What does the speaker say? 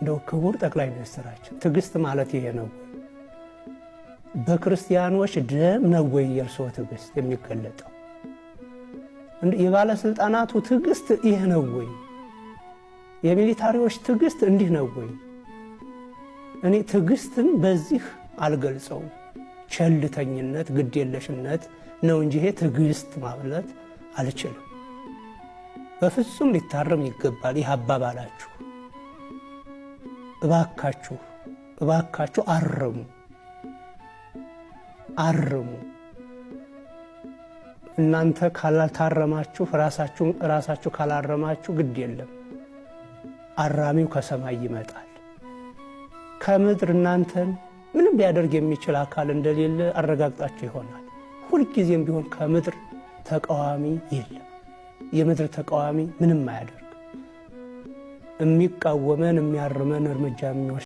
እንደው ክቡር ጠቅላይ ሚኒስትራችን ትዕግስት ማለት ይሄ ነው። በክርስቲያኖች ደም ነው ወይ የእርስዎ ትዕግስት የሚገለጠው? የባለሥልጣናቱ ትዕግስት ይህ ነው ወይ? የሚሊታሪዎች ትዕግስት እንዲህ ነው ወይ? እኔ ትዕግስትን በዚህ አልገልጸውም። ቸልተኝነት፣ ግዴለሽነት ነው እንጂ ይሄ ትዕግስት ማለት አልችልም። በፍጹም ሊታረም ይገባል ይህ አባባላችሁ። እባካችሁ እባካችሁ አርሙ አርሙ። እናንተ ካላታረማችሁ ራሳችሁ ራሳችሁ ካላረማችሁ ግድ የለም አራሚው ከሰማይ ይመጣል። ከምድር እናንተን ምንም ሊያደርግ የሚችል አካል እንደሌለ አረጋግጣችሁ ይሆናል። ሁልጊዜም ቢሆን ከምድር ተቃዋሚ የለም። የምድር ተቃዋሚ ምንም አያደርግ የሚቃወመን የሚያርመን እርምጃ የሚወስድ